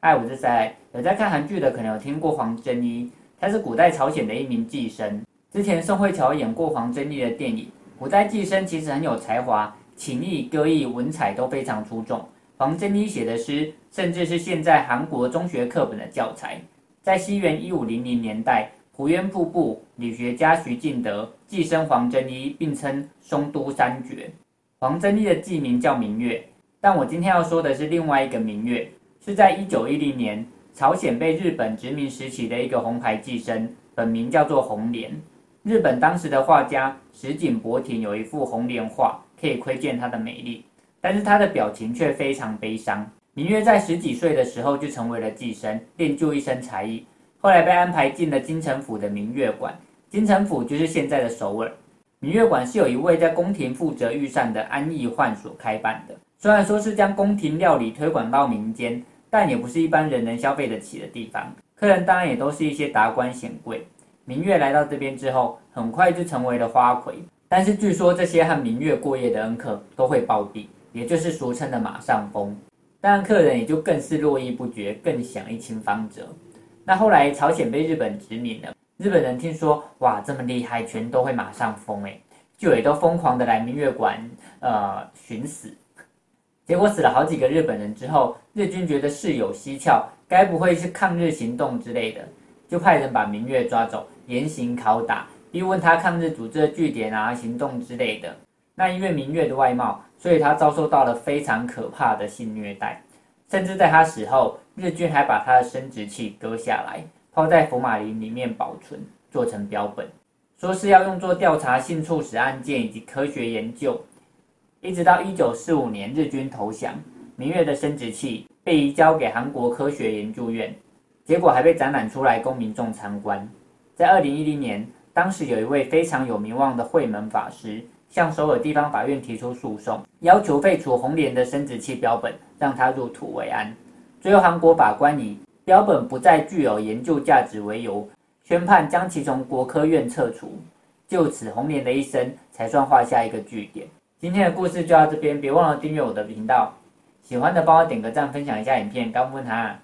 嗨，我是西西，有在看韓劇的，可能有聽過黃真伊。她是古代朝鮮的一名妓生。之前宋慧喬演過黃真伊的電影。古代妓生其實很有才華，琴藝、歌藝、文采都非常出眾。黃真伊寫的詩，甚至是現在韓國中學課本的教材。在西元一五零零年代，湖淵瀑布、理學家徐敬德、妓生黃真伊，並稱松都三絕。黃真伊的妓名叫明月，但我今天要說的是另外一個明月。是在一九一零年，朝鮮被日本殖民時期的一個紅牌妓生，本名叫做紅蓮。日本當時的畫家石井博挺有一幅紅蓮畫，可以窺見她的美麗，但是她的表情卻非常悲傷。明月在十幾歲的時候就成為了妓生，練就一身才藝，後來被安排進了京城府的明月館。京城府就是現在的首爾，明月館是有一位在宮廷負責御膳的安逸患所開辦的，雖然說是將宮廷料理推廣到民間。但也不是一般人能消費得起的地方，客人當然也都是一些達官顯貴。明月來到這邊之後，很快就成為了花魁。但是據說這些和明月過夜的恩客都會暴斃，也就是俗稱的馬上風。當然客人也就更是絡繹不絕，更想一親芳澤。那後來朝鮮被日本殖民了，日本人聽說哇，這麼厲害，全都會馬上風哎、欸，就也都瘋狂的來明月館呃尋死。巡結果死了好幾個日本人之後，日軍覺得事有蹊蹺，該不會是抗日行動之類的，就派人把明月抓走，嚴刑拷打，逼問他抗日組織的據點啊、行動之類的。那因為明月的外貌，所以他遭受到了非常可怕的性虐待，甚至在他死後，日軍還把他的生殖器割下來，拋在福馬林裡面保存，做成標本，說是要用作調查性猝死案件以及科學研究。一直到一九四五年日軍投降，明月的生殖器被移交給韓國科學研究院，結果還被展覽出來供民眾參觀。在二零一零年，當時有一位非常有名望的慧門法師向首爾地方法院提出訴訟，要求廢除紅蓮的生殖器標本，讓它入土為安。最後，韓國法官以標本不再具有研究價值為由，宣判將其從國科院撤除。就此，紅蓮的一生才算畫下一個句點。今天的故事就到這邊，別忘了訂閱我的頻道。喜歡的幫我點個讚，分享一下影片。高木談。